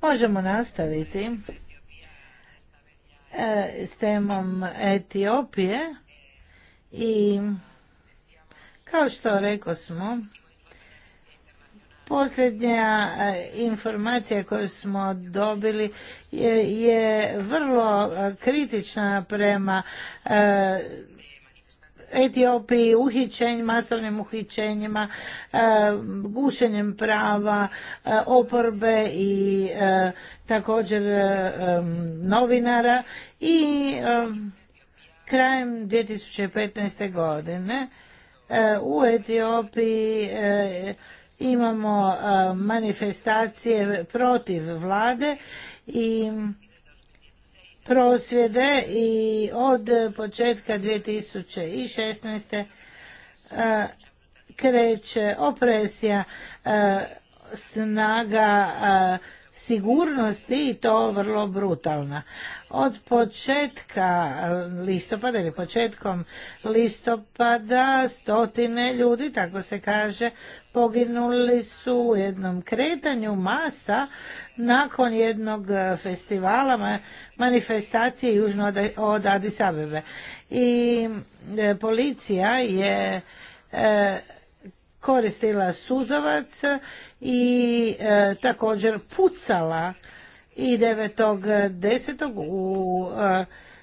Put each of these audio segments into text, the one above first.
Možemo nastaviti e, s temom Etiopije i kao što rekao smo, posljednja e, informacija koju smo dobili je, vrlo e, kritična prema Etiopiji, uhićenjima masovnim uhićenjima, e, gušenjem prava e, oporbe i e, također novinara i krajem 2015. godine u Etiopiji imamo manifestacije protiv vlade i prosvjede i od početka 2016. E, kreće opresija e, snaga e, sigurnosti i to vrlo brutalna. Od početka listopada ili početkom listopada stotine ljudi, tako se kaže, poginuli su u jednom kretanju masa nakon jednog e, festivala manifestacije južno od Addis Abebe. I e, policija je e, koristila suzovac i također pucala i 9.10. u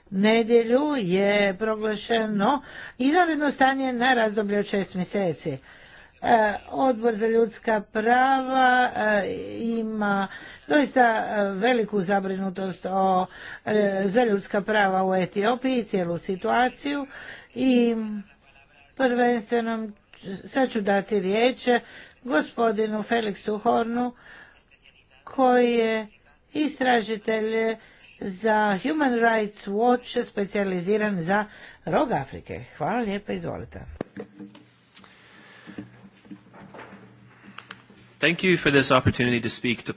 nedjelju je proglašeno izvanredno stanje na razdoblje od šest mjeseci. E, Odbor za ljudska prava e, ima doista e, veliku zabrinutost o, za ljudska prava u Etiopiji, cijelu situaciju i prvenstveno sad ću dati riječ gospodinu Felixu Hornu koji je istražitelj za Human Rights Watch specijaliziran za rog Afrike. Hvala lijepa, izvolite. Thank you for this opportunity to speak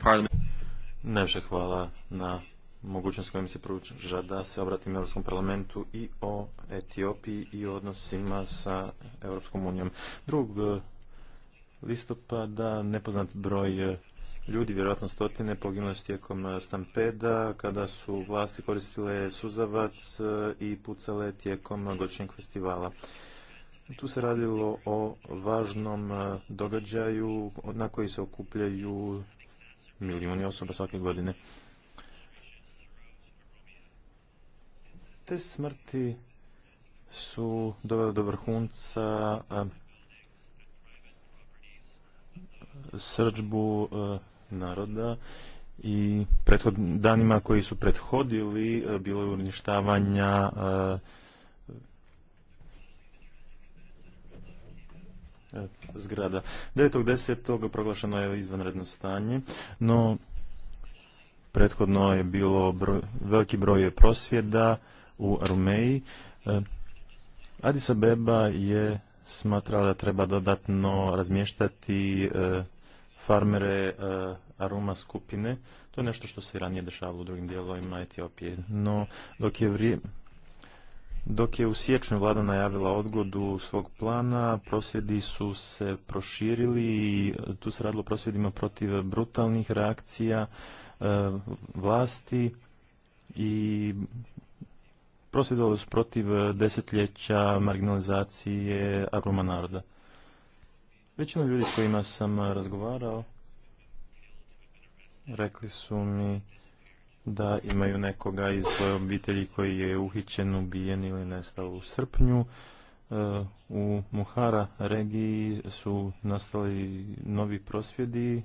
hvala na mogućnost kojim se pruža da se obratim Europskom parlamentu i o Etiopiji i o odnosima sa Europskom unijom. Drug eh, listopada nepoznat broj eh, ljudi, vjerojatno stotine, poginuli su tijekom eh, stampeda, kada su vlasti koristile suzavac i pucale tijekom godišnjeg festivala. Tu se radilo o važnom e, događaju na koji se okupljaju milijuni osoba svake godine. Te smrti su dovele do vrhunca e, srđbu e, naroda i danima koji su prethodili bilo je uništavanja zgrada. 9.10. proglašeno je izvanredno stanje, no prethodno je bilo veliki broj prosvjeda u Armeji. E, Adis Abeba je smatrala da treba dodatno razmještati e, farmere e, Aruma skupine. To je nešto što se ranije dešavalo u drugim dijelovima Etiopije. No, dok je vrijeme dok je u siječnju vlada najavila odgodu svog plana, prosvjedi su se proširili i tu se radilo prosvjedima protiv brutalnih reakcija e, vlasti i prosvjedovali su protiv desetljeća marginalizacije agroma naroda. Većina ljudi s kojima sam razgovarao rekli su mi da imaju nekoga iz svoje obitelji koji je uhićen, ubijen ili nestao u srpnju. E, u Muhara regiji su nastali novi prosvjedi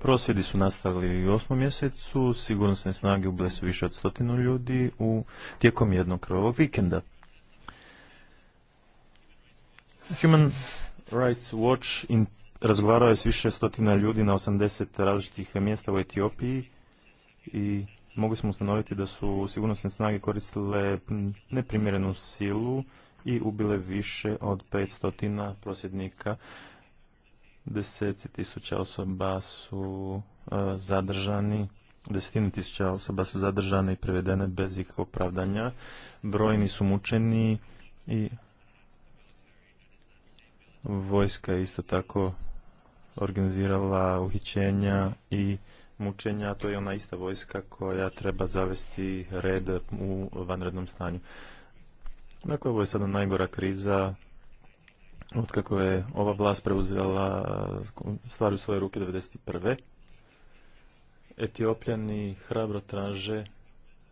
Prosvjedi su nastavili u osmom mjesecu, sigurnosne snage ubile su više od stotinu ljudi u tijekom jednog krvog vikenda. Human Rights Watch in, razgovarao je s više stotina ljudi na 80 različitih mjesta u Etiopiji i mogli smo ustanoviti da su sigurnosne snage koristile neprimjerenu silu i ubile više od 500 prosjednika. Deseci tisuća osoba su e, zadržani, desetine tisuća osoba su zadržane i prevedene bez ikakvog opravdanja. Brojni su mučeni i Vojska je isto tako organizirala uhićenja i mučenja, to je ona ista vojska koja treba zavesti red u vanrednom stanju. Dakle, ovo je sada najgora kriza kako je ova vlast preuzela stvari u svoje ruke 1991. Etiopljani hrabro traže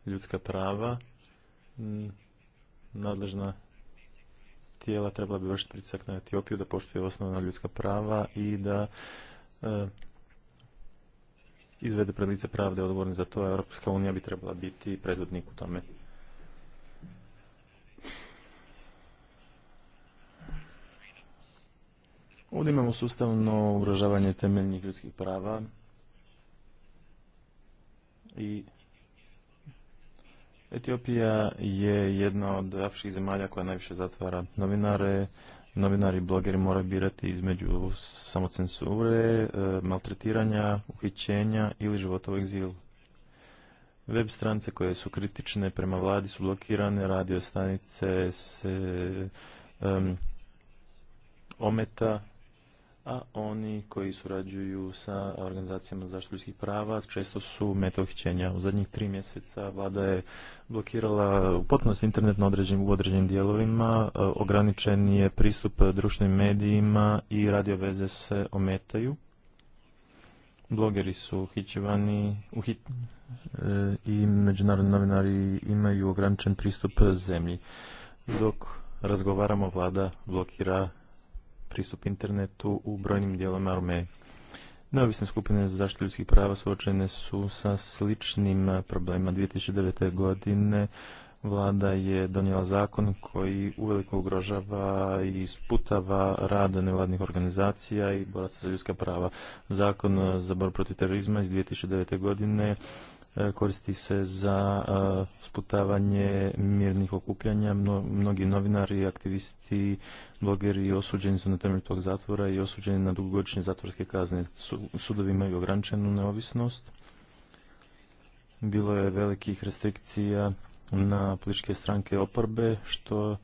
ljudska prava. Nadležna tijela trebala bi vršiti pritisak na Etiopiju da poštuje osnovna ljudska prava i da e, izvede pred pravde odgovorni za to, a Europska unija bi trebala biti predvodnik u tome. Ovdje imamo sustavno ugrožavanje temeljnih ljudskih prava i Etiopija je jedna od afričkih zemalja koja najviše zatvara novinare. Novinari i blogeri moraju birati između samocensure, e, maltretiranja, uhićenja ili života u egzilu. Web strance koje su kritične prema vladi su blokirane, radio stanice se ometa a oni koji surađuju sa organizacijama zaštitu ljudskih prava često su meta uhićenja. U zadnjih tri mjeseca vlada je blokirala u potpunosti internet na u određenim dijelovima, ograničen je pristup društvenim medijima i radio veze se ometaju. Blogeri su uhićivani uhit, e, i međunarodni novinari imaju ograničen pristup zemlji. Dok razgovaramo, vlada blokira pristup internetu u brojnim dijelama Armeje. Neovisne skupine za zaštitu ljudskih prava suočene su sa sličnim problemima. 2009. godine vlada je donijela zakon koji uveliko ugrožava i sputava rad nevladnih organizacija i boraca za ljudska prava. Zakon za borbu protiv terorizma iz 2009. godine E, koristi se za e, sputavanje mirnih okupljanja. Mnogi novinari, aktivisti, blogeri osuđeni su na temelju tog zatvora i osuđeni na dugogodišnje zatvorske kazne. Sudovi imaju ograničenu neovisnost. Bilo je velikih restrikcija na političke stranke oporbe, što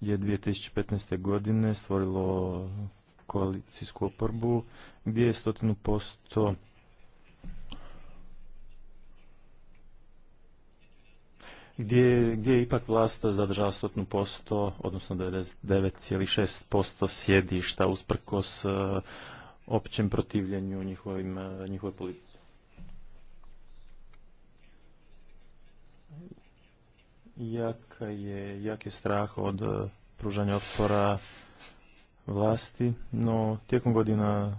je 2015. godine stvorilo koalicijsku oporbu, gdje je stotinu posto gdje, gdje ipak vlast stotnu posto, odnosno 99,6% sjedišta usprkos e, općem protivljenju njihovim, e, njihovoj politici. Jaka je, jak je strah od e, pružanja otpora vlasti, no tijekom godina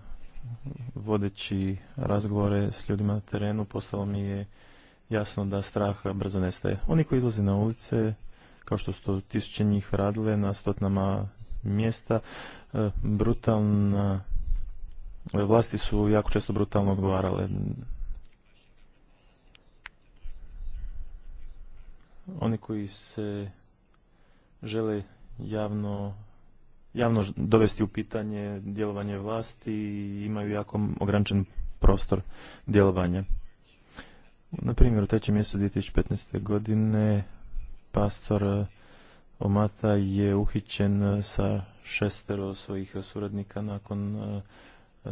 vodeći razgovore s ljudima na terenu postalo mi je jasno da strah brzo nestaje. Oni koji izlaze na ulice, kao što su tisuće njih radile na stotnama mjesta, e, brutalna e, vlasti su jako često brutalno odgovarale. Oni koji se žele javno javno dovesti u pitanje djelovanje vlasti i imaju jako ograničen prostor djelovanja. Na primjer, u trećem mjestu 2015. godine pastor e, Omata je uhićen e, sa šestero svojih suradnika nakon e,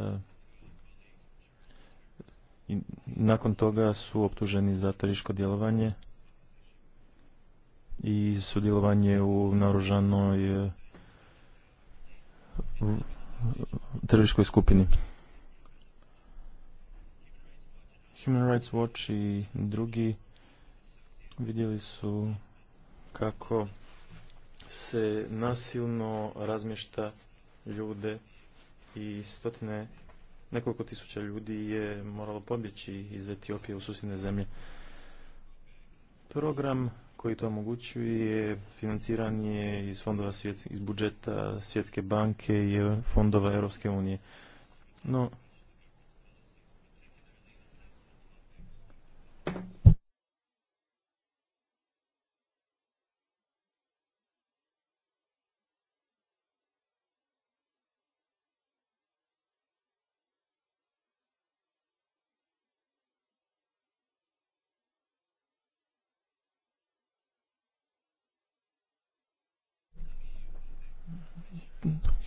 nakon toga su optuženi za teriško djelovanje i sudjelovanje u naoružanoj teriškoj skupini. Human Rights Watch i drugi vidjeli su kako se nasilno razmješta ljude i stotine, nekoliko tisuća ljudi je moralo pobjeći iz Etiopije u susjedne zemlje. Program koji to omogućuje financiran je iz fondova iz budžeta Svjetske banke i fondova Europske unije. No,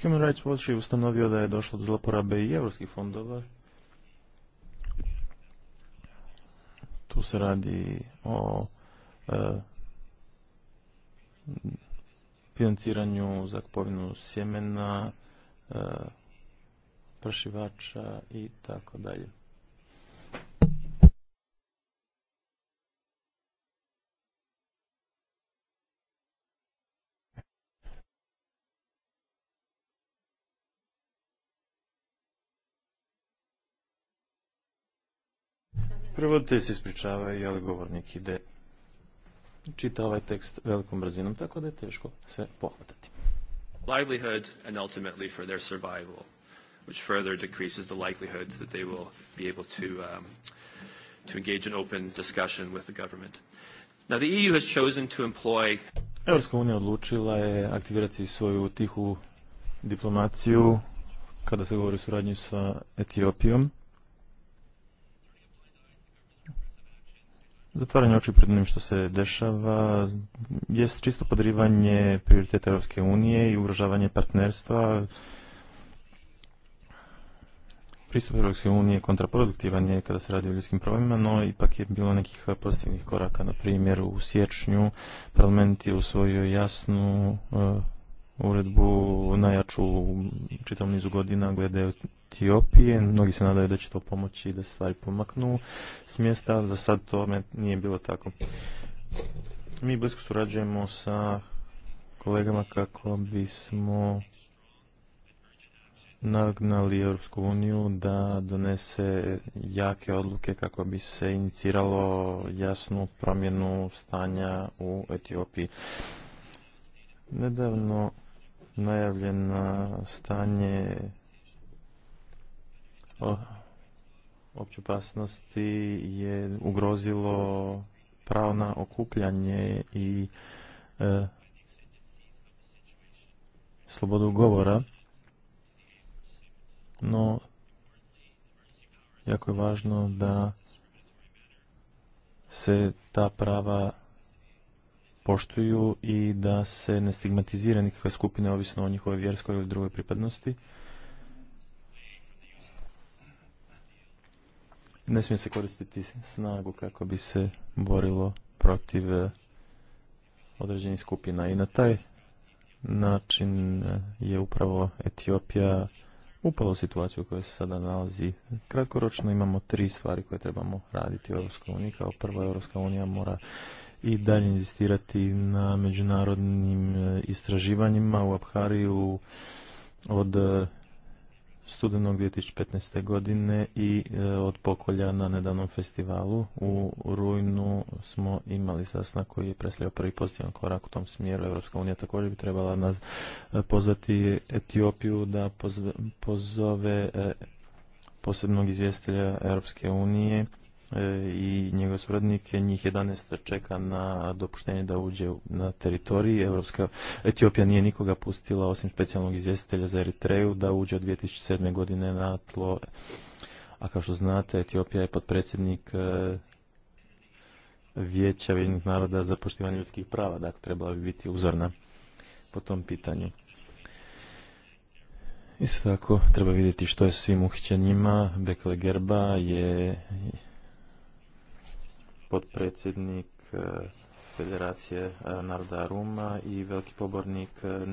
Human Rights Watch je ustanovio da je došlo do zloporabe i evropskih fondova. Tu se radi o e, financiranju za kupovinu sjemena, e, pršivača i tako dalje. Prvo te se ispričava i ali govornik ide čita ovaj tekst velikom brzinom, tako da je teško sve pohvatati. Livelihood and ultimately for their survival, which further decreases the likelihood that they will be able to, um, to engage in open discussion with the government. Now the EU has chosen to employ... Europska unija odlučila je aktivirati svoju tihu diplomaciju kada se govori o suradnji sa Etiopijom. Zatvaranje oči pred onim što se dešava jest čisto podrivanje prioriteta Europske unije i ugrožavanje partnerstva. Pristup Europske unije kontraproduktivan je kada se radi o ljudskim problemima, no ipak je bilo nekih pozitivnih koraka. Na primjer, u siječnju parlament je usvojio jasnu e, uredbu najjaču u čitavom nizu godina glede Etiopije. Mnogi se nadaju da će to pomoći da se stvari pomaknu s mjesta. Za sad to nije bilo tako. Mi blisko surađujemo sa kolegama kako bismo nagnali Europsku uniju da donese jake odluke kako bi se iniciralo jasnu promjenu stanja u Etiopiji. Nedavno najavljeno stanje opće opasnosti je ugrozilo pravo na okupljanje i e, slobodu govora, no jako je važno da se ta prava poštuju i da se ne stigmatizira nikakva skupine ovisno o njihovoj vjerskoj ili drugoj pripadnosti. ne smije se koristiti snagu kako bi se borilo protiv eh, određenih skupina. I na taj način eh, je upravo Etiopija upala u situaciju u kojoj se sada nalazi. Kratkoročno imamo tri stvari koje trebamo raditi u EU. Kao prvo, EU unija mora i dalje inzistirati na međunarodnim eh, istraživanjima u Abhariju od studenog 2015. godine i e, od pokolja na nedavnom festivalu. U rujnu smo imali sastanak koji je predstavljao prvi pozitivan korak u tom smjeru. Europska unija također bi trebala nas e, pozvati Etiopiju da pozove e, posebnog izvjestitelja Europske unije E, i njegove suradnike, njih 11 čeka na dopuštenje da uđe na teritoriji. Evropska Etiopija nije nikoga pustila, osim specijalnog izvjestitelja za Eritreju, da uđe od 2007. godine na tlo. A kao što znate, Etiopija je podpredsjednik e, vijeća vijednih naroda za poštivanje ljudskih prava, dakle trebala bi biti uzorna po tom pitanju. Isto tako treba vidjeti što je svim uhićenjima. Bekele Gerba je potpredsjednik e, Federacije e, naroda Ruma i veliki pobornik e,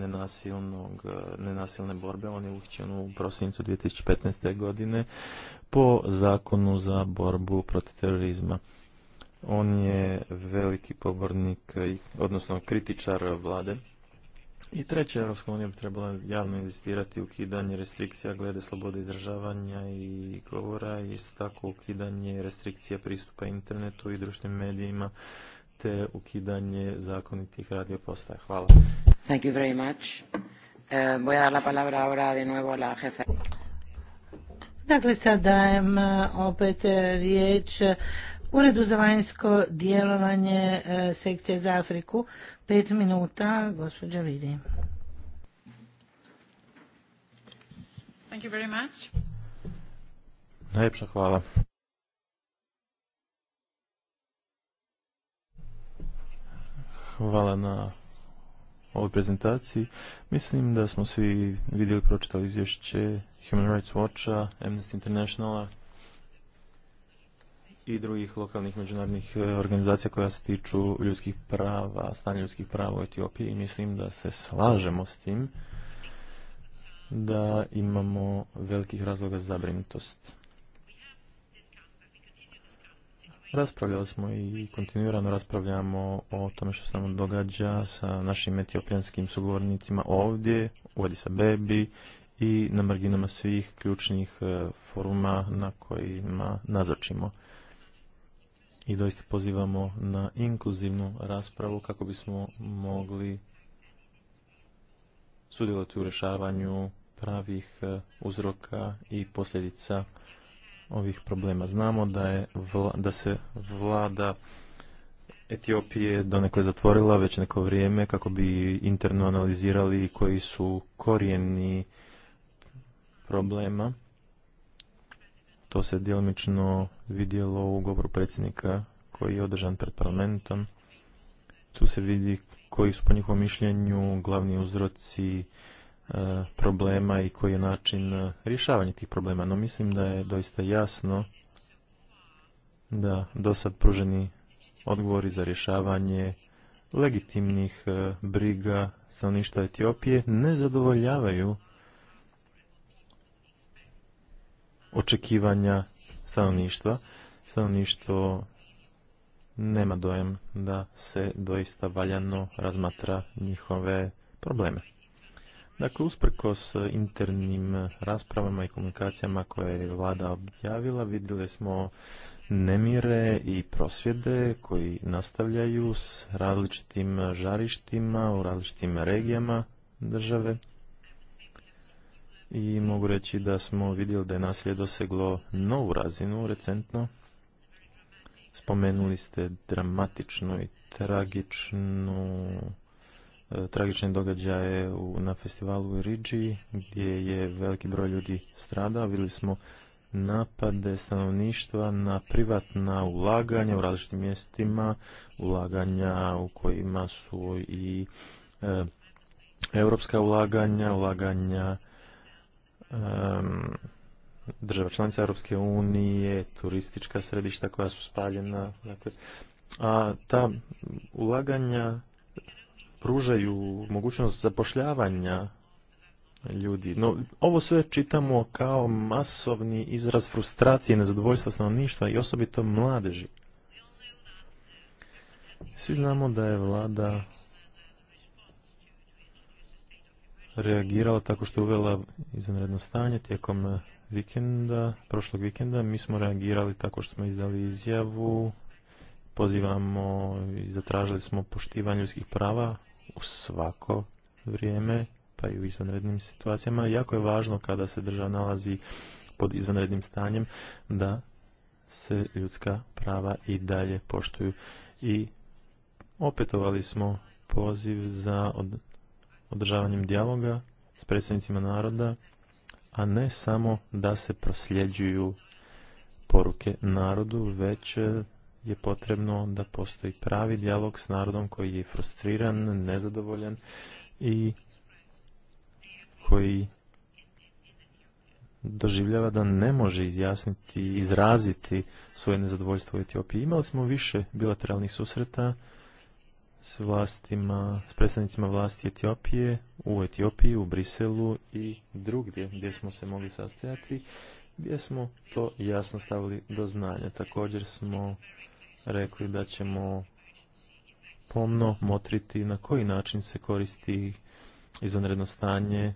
nenasilne borbe. On je uhićen u prosincu 2015. godine po zakonu za borbu protiv terorizma. On je veliki pobornik, odnosno kritičar vlade i treće, Europska unija bi trebala javno u ukidanje restrikcija glede slobode izražavanja i govora isto tako ukidanje restrikcija pristupa internetu i društvenim medijima te ukidanje zakonitih radio Hvala. Thank you very much. Eh, voy a dar la palabra ahora de nuevo a la jefa. Dakle, sad dajem eh, opet eh, riječ Uredu za vanjsko djelovanje e, sekcije za Afriku. Pet minuta, gospođa Vidi. Thank Najljepša hvala. Hvala na ovoj prezentaciji. Mislim da smo svi vidjeli, pročitali izvješće Human Rights Watcha, Amnesty Internationala, i drugih lokalnih međunarodnih e, organizacija koja se tiču ljudskih prava, stanja ljudskih prava u Etiopiji i mislim da se slažemo s tim da imamo velikih razloga za zabrinutost. Raspravljali smo i kontinuirano raspravljamo o tome što se nam događa sa našim etiopijanskim sugovornicima ovdje, u Adisa Bebi i na marginama svih ključnih e, foruma na kojima nazočimo i doista pozivamo na inkluzivnu raspravu kako bismo mogli sudjelovati u rješavanju pravih e, uzroka i posljedica ovih problema. Znamo da, je da se vlada Etiopije donekle zatvorila već neko vrijeme kako bi interno analizirali koji su korijeni problema to se djelomično vidjelo u govoru predsjednika koji je održan pred parlamentom. Tu se vidi koji su po njihovom mišljenju glavni uzroci e, problema i koji je način e, rješavanja tih problema. No mislim da je doista jasno da dosad pruženi odgovori za rješavanje legitimnih e, briga stanovništva Etiopije ne zadovoljavaju očekivanja stanovništva. Stanovništvo nema dojem da se doista valjano razmatra njihove probleme. Dakle, usprkos internim raspravama i komunikacijama koje je vlada objavila, vidjeli smo nemire i prosvjede koji nastavljaju s različitim žarištima u različitim regijama države i mogu reći da smo vidjeli da je nasljed doseglo novu razinu recentno. Spomenuli ste dramatično i tragično e, tragične događaje u, na festivalu u gdje je veliki broj ljudi stradao. Vidjeli smo napade stanovništva na privatna ulaganja u različitim mjestima, ulaganja u kojima su i e, europska ulaganja, ulaganja um, država članica Europske unije, turistička središta koja su spaljena, dakle, a ta ulaganja pružaju mogućnost zapošljavanja ljudi. No, ovo sve čitamo kao masovni izraz frustracije i nezadovoljstva stanovništva i osobito mladeži. Svi znamo da je vlada reagirala tako što je uvela izvanredno stanje tijekom eh, vikenda, prošlog vikenda. Mi smo reagirali tako što smo izdali izjavu, pozivamo i zatražili smo poštivanje ljudskih prava u svako vrijeme, pa i u izvanrednim situacijama. Jako je važno kada se država nalazi pod izvanrednim stanjem da se ljudska prava i dalje poštuju. I opetovali smo poziv za od održavanjem dijaloga s predstavnicima naroda, a ne samo da se prosljeđuju poruke narodu, već e, je potrebno da postoji pravi dijalog s narodom koji je frustriran, nezadovoljan i koji doživljava da ne može izjasniti, izraziti svoje nezadovoljstvo u Etiopiji. Imali smo više bilateralnih susreta s vlastima, s predstavnicima vlasti Etiopije u Etiopiji, u Briselu i drugdje gdje smo se mogli sastajati, gdje smo to jasno stavili do znanja. Također smo rekli da ćemo pomno motriti na koji način se koristi izvanredno stanje,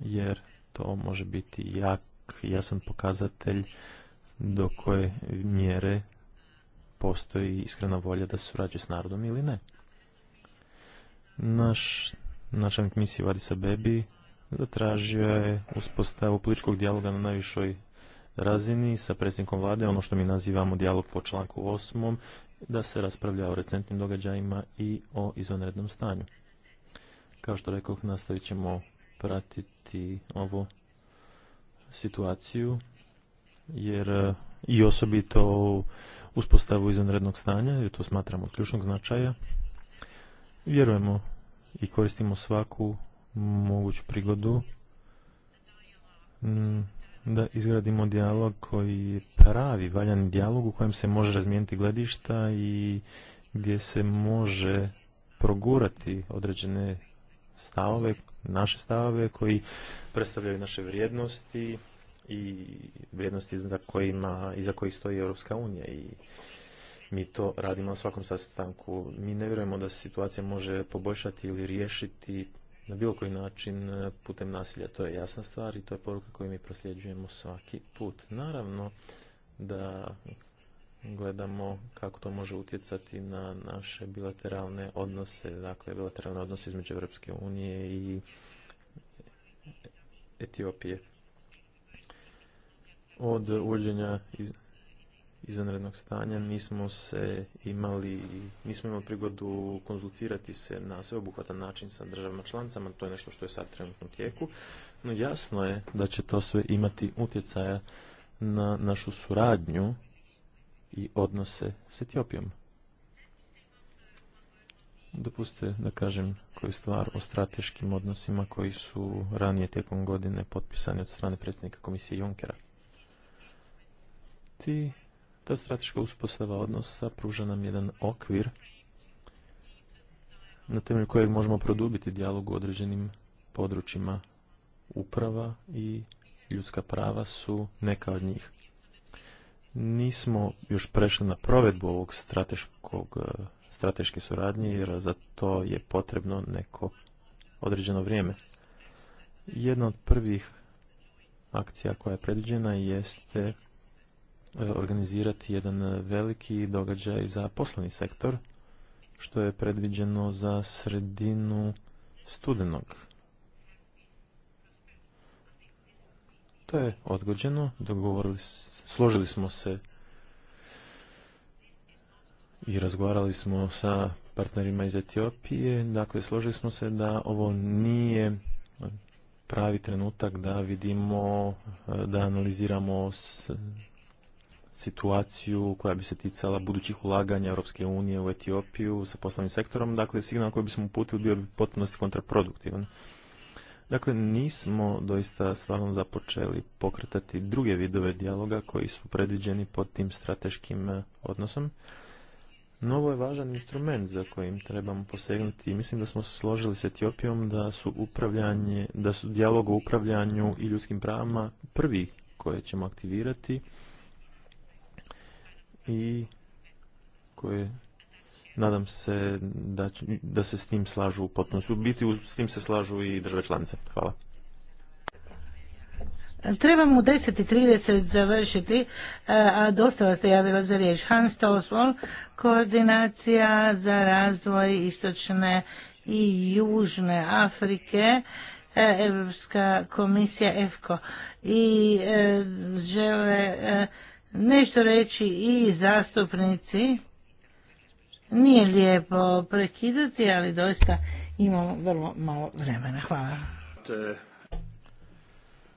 jer to može biti jak, jasan pokazatelj do koje mjere postoji iskrena volja da se surađuje s narodom ili ne. Naš načelnik misije Vadisa Bebi zatražio je uspostavu političkog dijaloga na najvišoj razini sa predsjednikom vlade, ono što mi nazivamo dijalog po članku 8 da se raspravlja o recentnim događajima i o izvanrednom stanju. Kao što rekao, nastavit ćemo pratiti ovu situaciju, jer i osobito uspostavu izvanrednog stanja jer to smatramo od ključnog značaja. Vjerujemo i koristimo svaku moguću prigodu mm, da izgradimo dijalog koji je pravi, valjan dijalog u kojem se može razmijeniti gledišta i gdje se može progurati određene stavove, naše stavove koji predstavljaju naše vrijednosti i vrijednosti za kojima, iza kojih stoji Europska unija i mi to radimo na svakom sastanku. Mi ne vjerujemo da se situacija može poboljšati ili riješiti na bilo koji način putem nasilja. To je jasna stvar i to je poruka koju mi prosljeđujemo svaki put. Naravno da gledamo kako to može utjecati na naše bilateralne odnose, dakle bilateralne odnose između Europske unije i Etiopije od uvođenja iz, izvanrednog stanja nismo se imali, nismo imali prigodu konzultirati se na sveobuhvatan način sa državama članicama, to je nešto što je sad trenutno tijeku, no jasno je da će to sve imati utjecaja na našu suradnju i odnose s Etiopijom. Dopustite da kažem koju stvar o strateškim odnosima koji su ranije tijekom godine potpisani od strane predsjednika komisije Junckera biti ta strateška uspostava odnosa pruža nam jedan okvir na temelju kojeg možemo produbiti dijalog u određenim područjima uprava i ljudska prava su neka od njih. Nismo još prešli na provedbu ovog strateškog, e, strateške suradnje jer za to je potrebno neko određeno vrijeme. Jedna od prvih akcija koja je predviđena jeste E, organizirati jedan e, veliki događaj za poslovni sektor, što je predviđeno za sredinu studenog. To je odgođeno, dogovorili, složili smo se i razgovarali smo sa partnerima iz Etiopije. Dakle, složili smo se da ovo nije pravi trenutak da vidimo, e, da analiziramo situaciju koja bi se ticala budućih ulaganja Europske unije u Etiopiju sa poslovnim sektorom, dakle signal koji bismo uputili bio bi potpunosti kontraproduktivan. Dakle, nismo doista stvarno započeli pokretati druge vidove dijaloga koji su predviđeni pod tim strateškim eh, odnosom. Novo je važan instrument za kojim trebamo posegnuti i mislim da smo se složili s Etiopijom da su upravljanje, da su dijalog o upravljanju i ljudskim pravima prvi koje ćemo aktivirati i koje nadam se da, da se s tim slažu u potpunosti. U biti s tim se slažu i države članice. Hvala. Trebam u 10.30 završiti, e, a dosta vas se javila za riječ. Hans Toswald, koordinacija za razvoj istočne i južne Afrike, e, Evropska komisija EFKO. I e, žele nešto reći i zastupnici. Nije lijepo prekidati, ali doista imamo vrlo malo vremena. Hvala.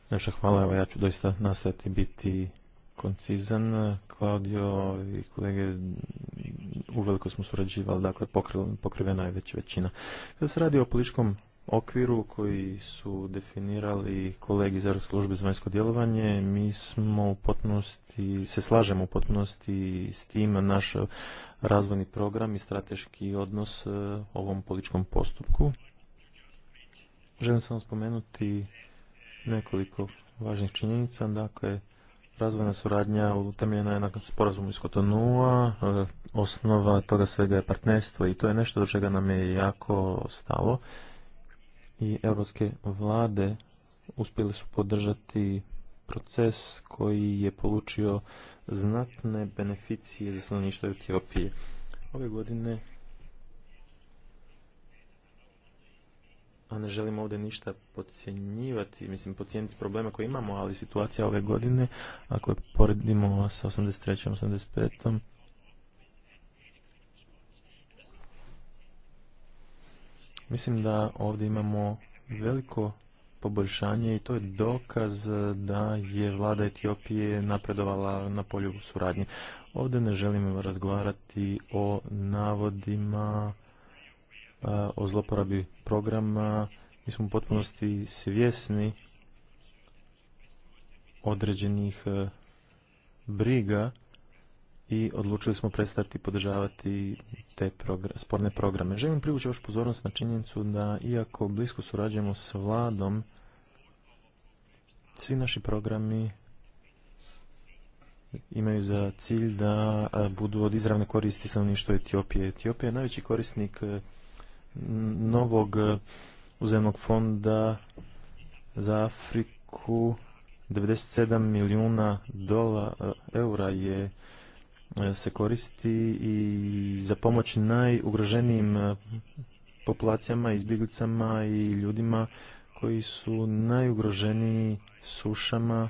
Naša hvala, evo ja ću doista nastaviti biti koncizan. Claudio i kolege uveliko smo surađivali, dakle pokrivena je već većina. Kada se radi o političkom okviru koji su definirali kolegi iz službe za vanjsko djelovanje, mi smo u potpunosti, se slažemo u potpunosti s tim naš razvojni program i strateški odnos e, ovom političkom postupku. Želim samo spomenuti nekoliko važnih činjenica. Dakle, razvojna suradnja utemeljena je na sporazumu iz Kotonua. E, osnova toga svega je partnerstvo i to je nešto do čega nam je jako stalo i europske vlade uspjeli su podržati proces koji je polučio znatne beneficije za stanovništvo Etiopije. Ove godine a ne želimo ovdje ništa podcjenjivati, mislim podcijeniti probleme koje imamo, ali situacija ove godine, ako je poredimo sa 83. 85. Mislim da ovdje imamo veliko poboljšanje i to je dokaz da je vlada Etiopije napredovala na polju suradnje. Ovdje ne želimo razgovarati o navodima, o zloporabi programa. Mi smo u potpunosti svjesni određenih briga i odlučili smo prestati podržavati te sporne programe. Želim privući vašu pozornost na činjenicu da iako blisko surađujemo s vladom, svi naši programi imaju za cilj da budu od izravne koristi stanovništvo Etiopije. Etiopija je najveći korisnik novog uzemnog fonda za Afriku. 97 milijuna dola, eura je E, se koristi i za pomoć najugroženijim e, populacijama, izbjeglicama i ljudima koji su najugroženiji sušama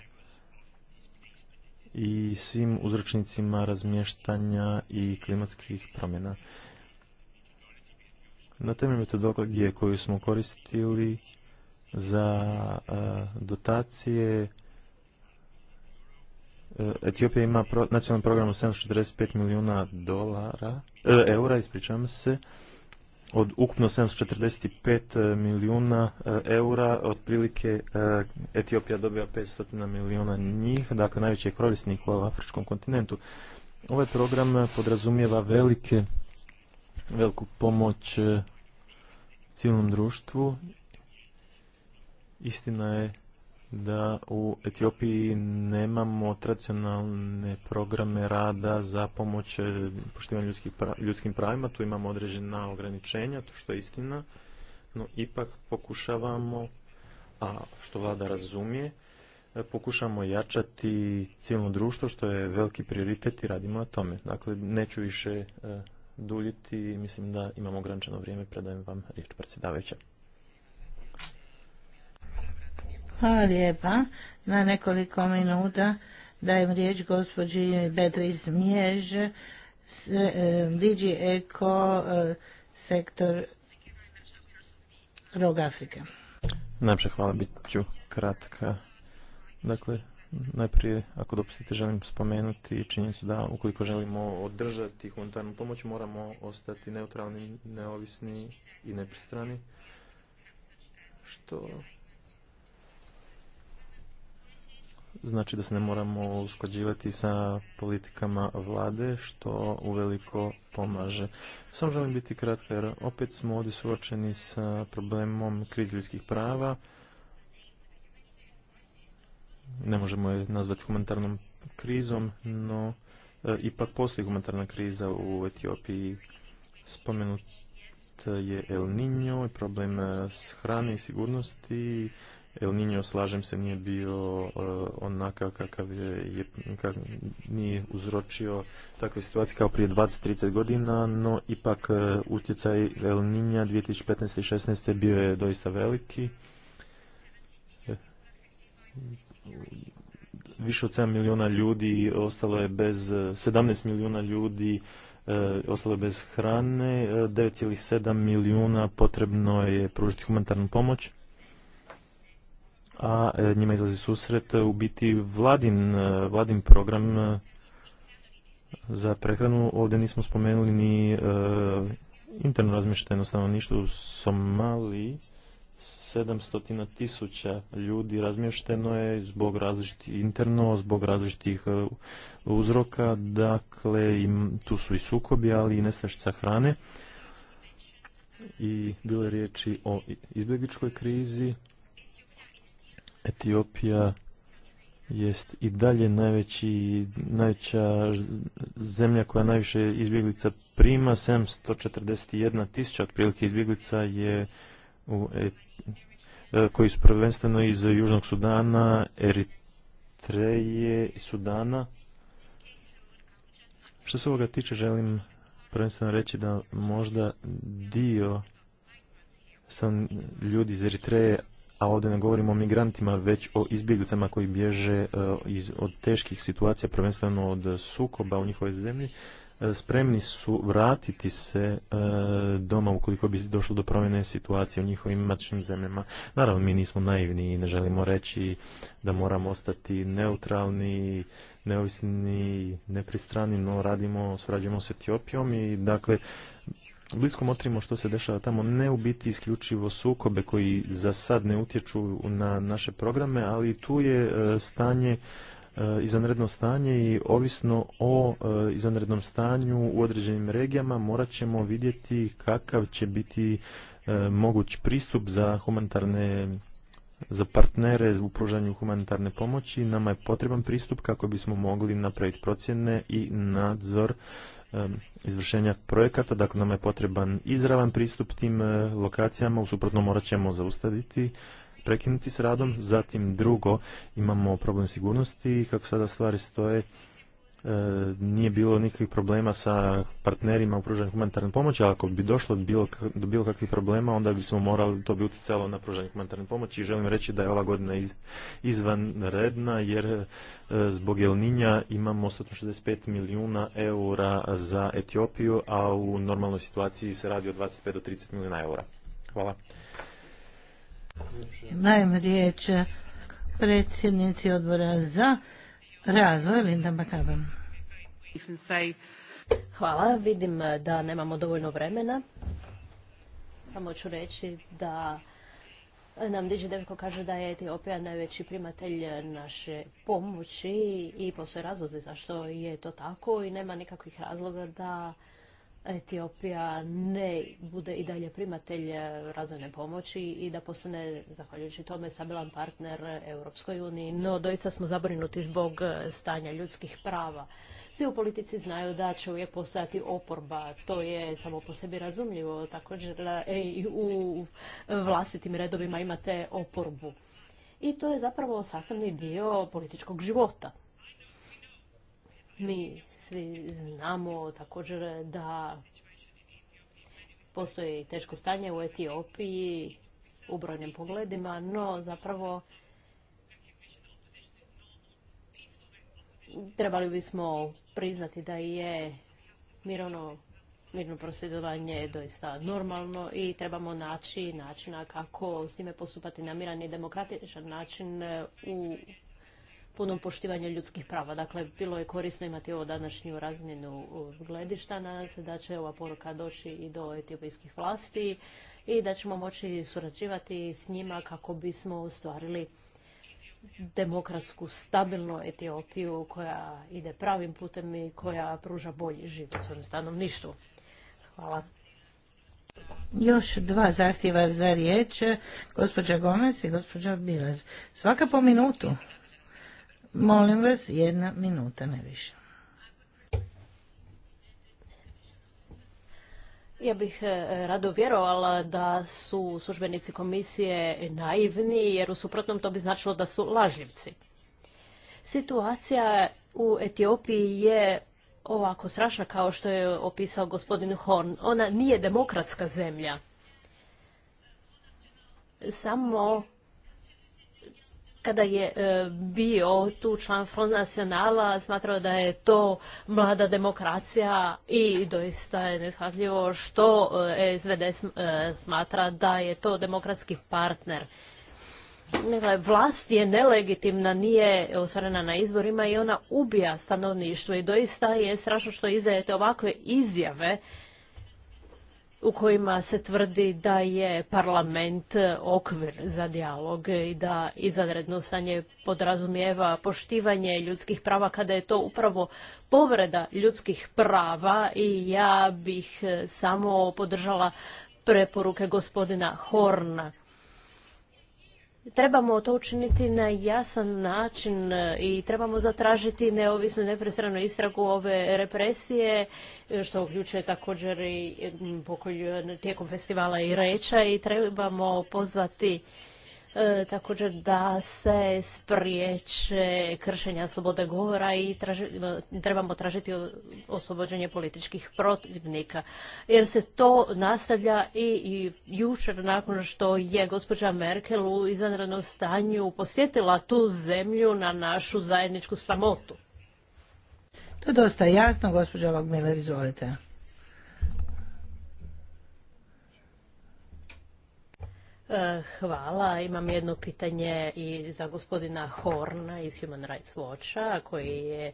i svim uzročnicima razmještanja i klimatskih promjena. Na temelju metodologije koju smo koristili za e, dotacije E, Etiopija ima pro, nacionalni program 745 milijuna dolara, e, eura, ispričavam se, od ukupno 745 e, milijuna eura, otprilike Etiopija dobiva 500 milijuna njih, dakle najvećih je u afričkom kontinentu. Ovaj program podrazumijeva velike, veliku pomoć civilnom društvu. Istina je da u Etiopiji nemamo tradicionalne programe rada za pomoć e, poštivanju ljudskim pravima. Tu imamo određena ograničenja, to što je istina, no ipak pokušavamo, a što vlada razumije, e, pokušamo jačati civilno društvo što je veliki prioritet i radimo na tome. Dakle, neću više e, duljiti, mislim da imamo ograničeno vrijeme, predajem vam riječ predsjedavajuća. Hvala lijepa. Na nekoliko minuta dajem riječ gospođi Beatriz Mjež, e, Digi Eko, e, sektor Rog Afrike. Najpše hvala, bit ću kratka. Dakle, najprije, ako dopustite, želim spomenuti činjenicu da ukoliko želimo održati humanitarnu pomoć, moramo ostati neutralni, neovisni i nepristrani, što znači da se ne moramo usklađivati sa politikama vlade, što uveliko pomaže. Samo želim biti kratka jer opet smo ovdje suočeni sa problemom krizljivskih prava. Ne možemo je nazvati humanitarnom krizom, no e, ipak postoji humanitarna kriza u Etiopiji. Spomenut je El Niño, problem e, s hrane i sigurnosti, El Niño, slažem se, nije bio e, onakav kakav je, kak, nije uzročio takve situacije kao prije 20-30 godina, no ipak e, utjecaj El Niño 2015. i 2016. bio je doista veliki. E, više od 7 milijuna ljudi ostalo je bez, 17 milijuna ljudi ostalo je bez hrane, 9,7 milijuna potrebno je pružiti humanitarnu pomoć a e, njima izlazi susret e, u biti vladin, e, vladin program za prehranu. Ovdje nismo spomenuli ni interno razmješteno stanovništvo u Somaliji. 700 tisuća ljudi razmješteno je zbog različitih interno, zbog različitih uzroka, dakle tu su i sukobi, ali i nestašica hrane. I bilo je riječi o izbjegličkoj krizi, Etiopija jest i dalje najveći, najveća zemlja koja najviše izbjeglica prima, 741 tisuća otprilike izbjeglica je u, e- e, koji su prvenstveno iz Južnog Sudana, Eritreje i Sudana. Što se ovoga tiče, želim prvenstveno reći da možda dio sam ljudi iz Eritreje a ovdje ne govorimo o migrantima, već o izbjeglicama koji bježe e, iz, od teških situacija, prvenstveno od sukoba u njihovoj zemlji, e, spremni su vratiti se e, doma ukoliko bi došlo do promjene situacije u njihovim matičnim zemljama. Naravno, mi nismo naivni i ne želimo reći da moramo ostati neutralni, neovisni, nepristrani, no radimo, surađujemo s Etiopijom i dakle blisko motrimo što se dešava tamo, ne u biti isključivo sukobe koji za sad ne utječu na naše programe, ali tu je e, stanje e, izvanredno stanje i ovisno o e, izvanrednom stanju u određenim regijama morat ćemo vidjeti kakav će biti moguć pristup za humanitarne za partnere u pružanju humanitarne pomoći. Nama je potreban pristup kako bismo mogli napraviti procjene i nadzor izvršenja projekata, dakle nam je potreban izravan pristup tim eh, lokacijama, u suprotno morat ćemo zaustaviti prekinuti s radom. Zatim drugo, imamo problem sigurnosti, kako sada stvari stoje, E, nije bilo nikakvih problema sa partnerima u pružanju humanitarne pomoći, ali ako bi došlo do bilo kakvih problema, onda bismo morali, to bi utjecalo na pružanje humanitarne pomoći i želim reći da je ova godina izvanredna jer e, zbog Elninja imamo 165 milijuna eura za Etiopiju, a u normalnoj situaciji se radi o 25 do 30 milijuna eura. Hvala. Dajem riječ predsjednici odbora za razvoj Linda Hvala, vidim eh, da nemamo dovoljno vremena. Samo ću reći da eh, nam Diđi Devko kaže da je Etiopija najveći primatelj eh, naše pomoći i postoje razlozi zašto je to tako i nema nikakvih razloga da Etiopija ne bude i dalje primatelj eh, razvojne pomoći i da postane, zahvaljujući tome, sabilan partner Europskoj uniji. No, doista smo zabrinuti zbog eh, stanja ljudskih prava. Svi u politici znaju da će uvijek postojati oporba. To je samo po sebi razumljivo. Također eh, i u vlastitim redovima imate oporbu. I to je zapravo sastavni dio političkog života. Mi svi znamo također da postoji teško stanje u Etiopiji u brojnim pogledima, no zapravo trebali bismo priznati da je mirno prosvjedovanje doista normalno i trebamo naći načina kako s time postupati na miran i demokratičan način u punom poštivanju ljudskih prava. Dakle, bilo je korisno imati ovo današnju razinu gledišta. Nadam se da će ova poruka doći i do etiopijskih vlasti i da ćemo moći surađivati s njima kako bismo ostvarili demokratsku, stabilnu Etiopiju koja ide pravim putem i koja pruža bolji život svom stanovništvu. Hvala. Još dva zahtjeva za riječ, gospođa Gomez i gospođa Biler. Svaka po minutu. Molim vas, jedna minuta, ne više. Ja bih e, rado vjerovala da su službenici komisije naivni, jer u suprotnom to bi značilo da su lažljivci. Situacija u Etiopiji je ovako strašna kao što je opisao gospodin Horn. Ona nije demokratska zemlja. Samo kada je e, bio tu član Front Nacionala, smatrao da je to mlada demokracija i doista je neshvatljivo što e, SVD e, smatra da je to demokratski partner. Dakle, vlast je nelegitimna, nije osvorena na izborima i ona ubija stanovništvo i doista je strašno što izdajete ovakve izjave u kojima se tvrdi da je parlament okvir za dijalog i da izvanredno stanje podrazumijeva poštivanje ljudskih prava kada je to upravo povreda ljudskih prava i ja bih samo podržala preporuke gospodina Horna. Trebamo to učiniti na jasan način e, i trebamo zatražiti neovisnu i nepresrednu istragu ove represije, e, što uključuje također i e, tijekom festivala i reća i trebamo pozvati E, također da se spriječe kršenja slobode govora i traži, e, trebamo tražiti oslobođenje političkih protivnika. Jer se to nastavlja i, i jučer nakon što je gospođa Merkel u izvanrednom stanju posjetila tu zemlju na našu zajedničku sramotu. To je dosta jasno, gospođa Logmiller, izvolite. E, hvala. Imam jedno pitanje i za gospodina Horna iz Human Rights Watcha koji je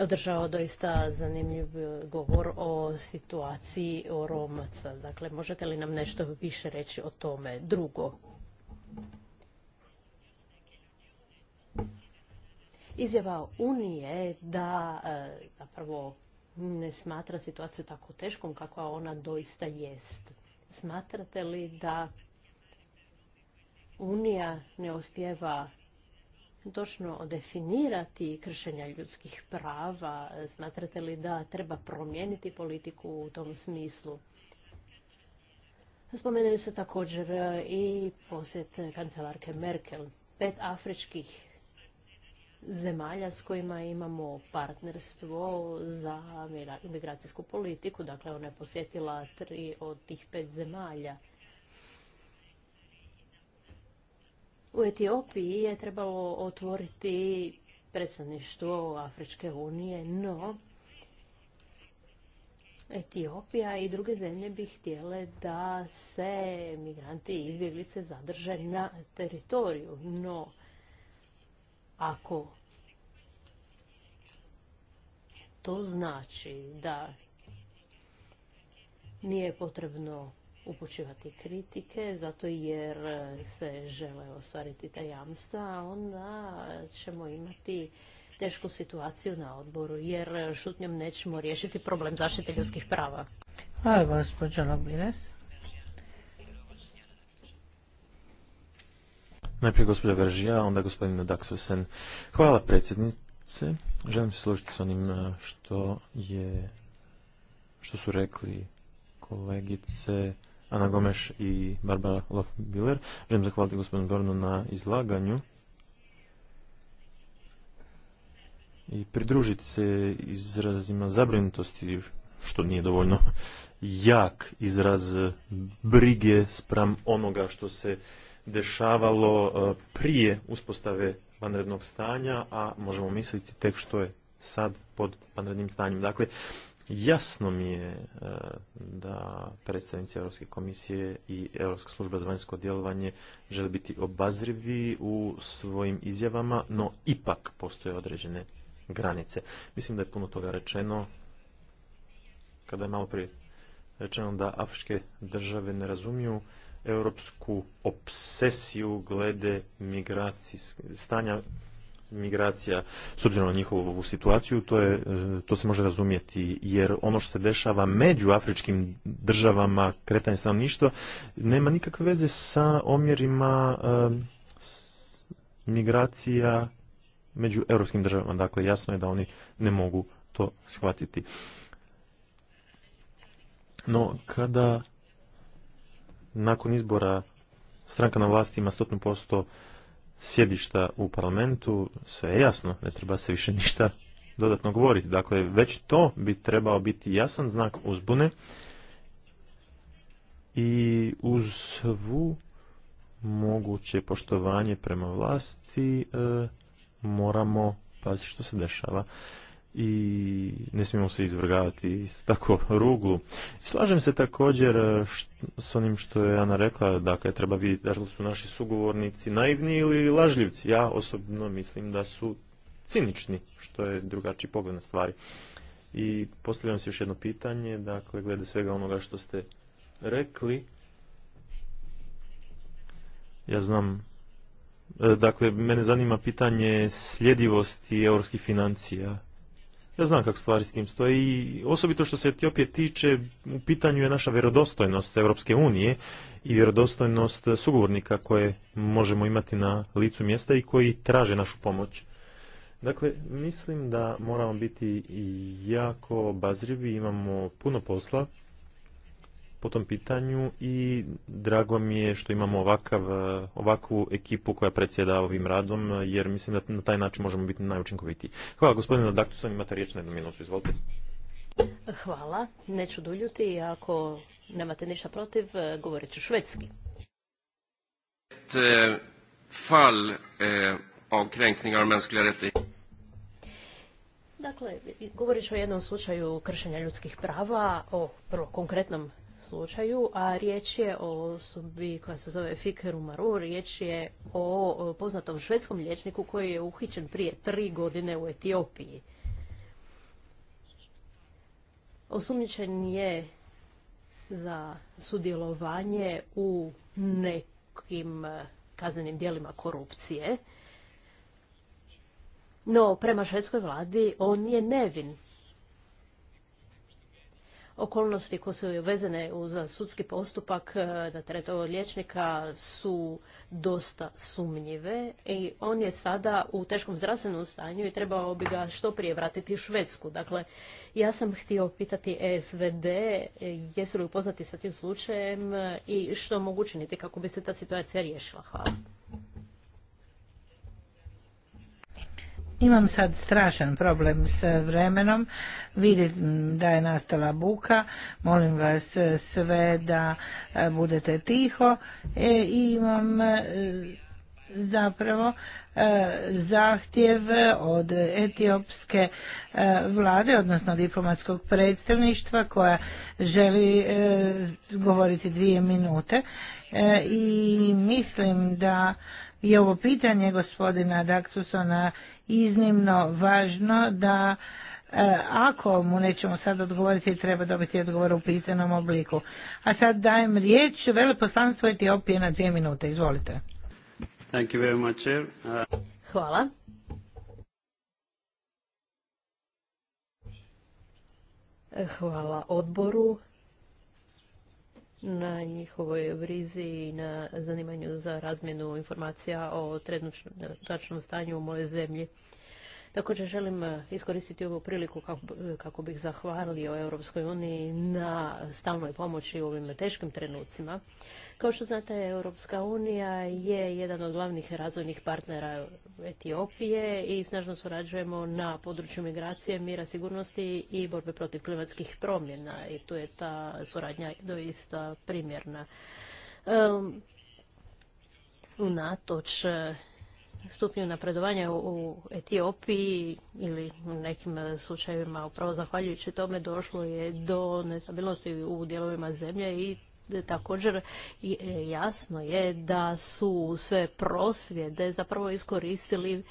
održao doista zanimljiv govor o situaciji o Romaca. Dakle, možete li nam nešto više reći o tome? Drugo, izjava Unije da e, zapravo ne smatra situaciju tako teškom kakva ona doista jest. Smatrate li da Unija ne uspjeva točno definirati kršenja ljudskih prava? Smatrate li da treba promijeniti politiku u tom smislu? Spomenuli se također i posjet kancelarke Merkel. Pet afričkih zemalja s kojima imamo partnerstvo za migracijsku politiku. Dakle, ona je posjetila tri od tih pet zemalja. U Etiopiji je trebalo otvoriti predstavništvo Afričke unije, no Etiopija i druge zemlje bi htjele da se migranti i izbjeglice zadrže na teritoriju, no ako to znači da nije potrebno upućivati kritike zato jer se žele ostvariti ta jamstva, onda ćemo imati tešku situaciju na odboru jer šutnjom nećemo riješiti problem zaštite ljudskih prava. Hvala gospođo Lobires. Najprije gospođa Veržija, onda gospodin Daksusen. Hvala predsjednice. Želim se složiti s onim e, što je što su rekli kolegice Ana Gomeš i Barbara Lohbiller. Želim zahvaliti gospodinu Dornu na izlaganju i pridružiti se izrazima zabrinutosti što nije dovoljno jak izraz brige spram onoga što se dešavalo e, prije uspostave vanrednog stanja, a možemo misliti tek što je sad pod vanrednim stanjem. Dakle, jasno mi je e, da predstavnici Europske komisije i Europska služba za vanjsko djelovanje žele biti obazrivi u svojim izjavama, no ipak postoje određene granice. Mislim da je puno toga rečeno kada je malo prije rečeno da afričke države ne razumiju europsku obsesiju glede stanja migracija s obzirom na njihovu situaciju, to, je, e, to se može razumjeti, jer ono što se dešava među afričkim državama kretanje stanovništva nema nikakve veze sa omjerima e, migracija među europskim državama. Dakle, jasno je da oni ne mogu to shvatiti. No, kada nakon izbora stranka na vlasti ima 100% sjedišta u parlamentu, sve je jasno, ne treba se više ništa dodatno govoriti. Dakle, već to bi trebao biti jasan znak uzbune i uz svu moguće poštovanje prema vlasti e, moramo paziti što se dešava i ne smijemo se izvrgavati tako ruglu. Slažem se također e, s onim što je Ana rekla, dakle treba vidjeti da li su naši sugovornici naivni ili lažljivci. Ja osobno mislim da su cinični, što je drugačiji pogled na stvari. I postavljam se još jedno pitanje, dakle, glede svega onoga što ste rekli. Ja znam, e, dakle, mene zanima pitanje sljedivosti europskih financija ja znam kako stvari s tim stoje i osobito što se Etiopije tiče, u pitanju je naša vjerodostojnost Europske unije i vjerodostojnost sugovornika koje možemo imati na licu mjesta i koji traže našu pomoć. Dakle, mislim da moramo biti jako bazrivi, imamo puno posla po tom pitanju i drago mi je što imamo ovakav, ovakvu ekipu koja predsjeda ovim radom, jer mislim da na taj način možemo biti najučinkovitiji. Hvala gospodine Daktuson, imate riječ na jednu minutu, izvolite. Hvala, neću duljuti, ako nemate ništa protiv, govorit ću švedski. Eh, fall eh, av kränkningar Dakle, govorit ću o jednom slučaju kršenja ljudskih prava, o vrlo konkretnom slučaju, a riječ je o osobi koja se zove Fikeru Maru, riječ je o poznatom švedskom liječniku koji je uhićen prije tri godine u Etiopiji. Osumnjičen je za sudjelovanje u nekim e, kaznenim dijelima korupcije. No, prema švedskoj vladi on je nevin okolnosti koje su vezane uz sudski postupak e, na teret ovog liječnika su dosta sumnjive i on je sada u teškom zdravstvenom stanju i trebao bi ga što prije vratiti u Švedsku. Dakle, ja sam htio pitati SVD e, jesu li upoznati sa tim slučajem e, i što mogu učiniti kako bi se ta situacija riješila. Hvala. Imam sad strašan problem s vremenom, vidim da je nastala buka, molim vas sve da e, budete tiho i e, imam e, zapravo zahtjev od etiopske vlade, odnosno diplomatskog predstavništva koja želi govoriti dvije minute i mislim da i ovo pitanje gospodina Daktusona iznimno važno da e, ako mu nećemo sad odgovoriti treba dobiti odgovor u pisanom obliku. A sad dajem riječ veleposlanstvo Etiopije na dvije minute. Izvolite. Thank you very much, Hvala. Hvala odboru na njihovoj brizi i na zanimanju za razmjenu informacija o trenutačnom stanju u mojoj zemlji. Također želim e, iskoristiti ovu priliku e, kako, bih zahvalio Europskoj uniji na stalnoj pomoći u ovim teškim trenucima. Kao što znate, Europska unija je jedan od glavnih razvojnih partnera Etiopije i snažno surađujemo na području migracije, mira, sigurnosti i borbe protiv klimatskih promjena i tu je ta suradnja doista primjerna. unatoč stupnju napredovanja u Etiopiji ili u nekim slučajevima upravo zahvaljujući tome došlo je do nestabilnosti u dijelovima zemlje i također e, jasno je da su sve prosvjede zapravo iskoristili e,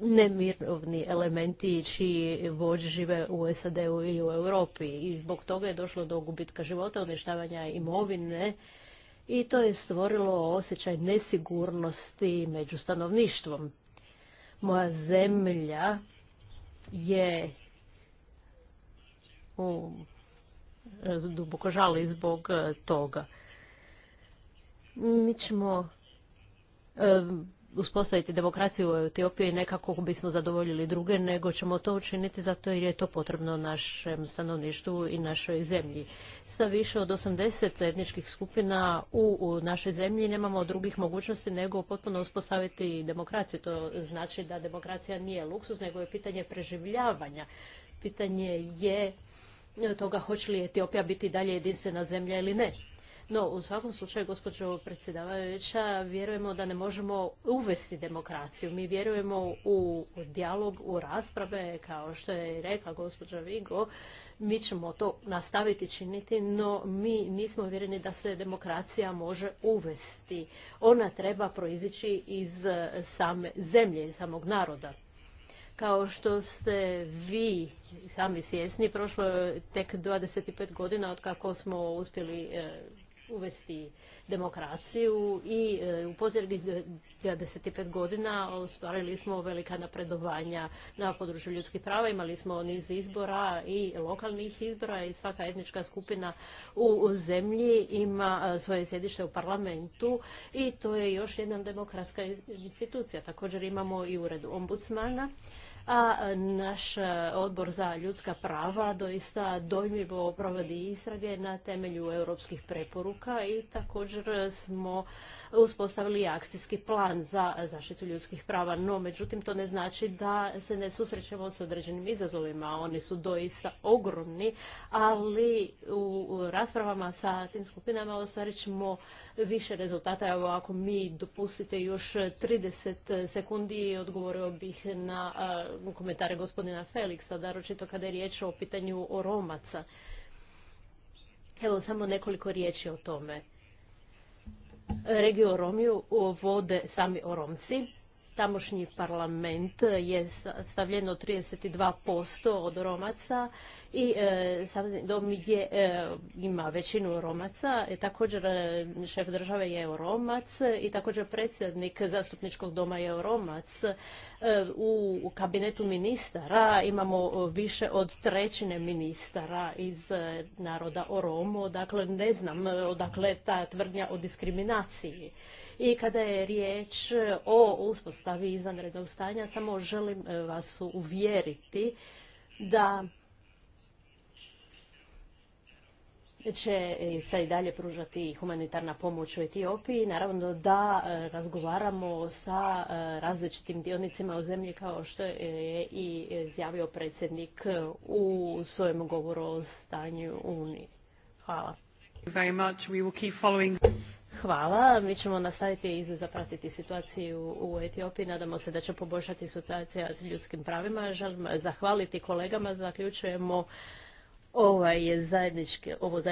nemirovni elementi čiji vođe žive u SAD-u i u Europi i zbog toga je došlo do gubitka života, uništavanja imovine i to je stvorilo osjećaj nesigurnosti među stanovništvom. Moja zemlja je u, duboko žali zbog toga. Mi ćemo uspostaviti demokraciju u Etiopiji ne kako bismo zadovoljili druge, nego ćemo to učiniti zato jer je to potrebno našem stanovništvu i našoj zemlji. Sa više od 80 etničkih skupina u, u našoj zemlji nemamo drugih mogućnosti nego potpuno uspostaviti demokraciju. To znači da demokracija nije luksus, nego je pitanje preživljavanja. Pitanje je toga hoće li Etiopija biti dalje jedinstvena zemlja ili ne. No, u svakom slučaju, gospođo predsjedavajuća, vjerujemo da ne možemo uvesti demokraciju. Mi vjerujemo u dijalog, u rasprave, kao što je rekla gospođa Vigo. Mi ćemo to nastaviti činiti, no mi nismo vjereni da se demokracija može uvesti. Ona treba proizići iz same zemlje, iz samog naroda. Kao što ste vi sami svjesni, prošlo je tek 25 godina od kako smo uspjeli eh, uvesti demokraciju i e, u posljednjih 25 godina ostvarili smo velika napredovanja na području ljudskih prava. Imali smo niz izbora i lokalnih izbora i svaka etnička skupina u zemlji ima e, svoje sjedište u parlamentu i to je još jedna demokratska institucija. Također imamo i ured ombudsmana a naš e, odbor za ljudska prava doista dojmivo provodi istrage na temelju europskih preporuka i također smo uspostavili akcijski plan za zaštitu ljudskih prava, no međutim to ne znači da se ne susrećemo s određenim izazovima, oni su doista ogromni, ali u raspravama sa tim skupinama ostvarit ćemo više rezultata. Evo ako mi dopustite još 30 sekundi odgovorio bih na e, komentare gospodina Feliksa, naročito kada je riječ o pitanju o Romaca. Evo samo nekoliko riječi o tome. Regiju Romiju vode sami Romci tamošnji parlament je stavljeno 32% od Romaca i e, sam dom je, e, ima većinu Romaca. E, također šef države je Romac i također predsjednik zastupničkog doma je Romac. u, kabinetu ministara imamo više od trećine ministara iz naroda Romu Dakle, ne znam odakle ta tvrdnja o diskriminaciji i kada je riječ e, o uspostavi izvanrednog stanja, samo želim e, vas uvjeriti da će e, se i dalje pružati humanitarna pomoć u Etiopiji. Naravno da razgovaramo sa različitim dionicima u zemlji kao što je i izjavio predsjednik u svojem govoru o stanju Unije. Hvala. Hvala. Mi ćemo nastaviti i zapratiti situaciju u Etiopiji. Nadamo se da će poboljšati situacija s ljudskim pravima. Želim zahvaliti kolegama. Zaključujemo ovaj zajednički, ovo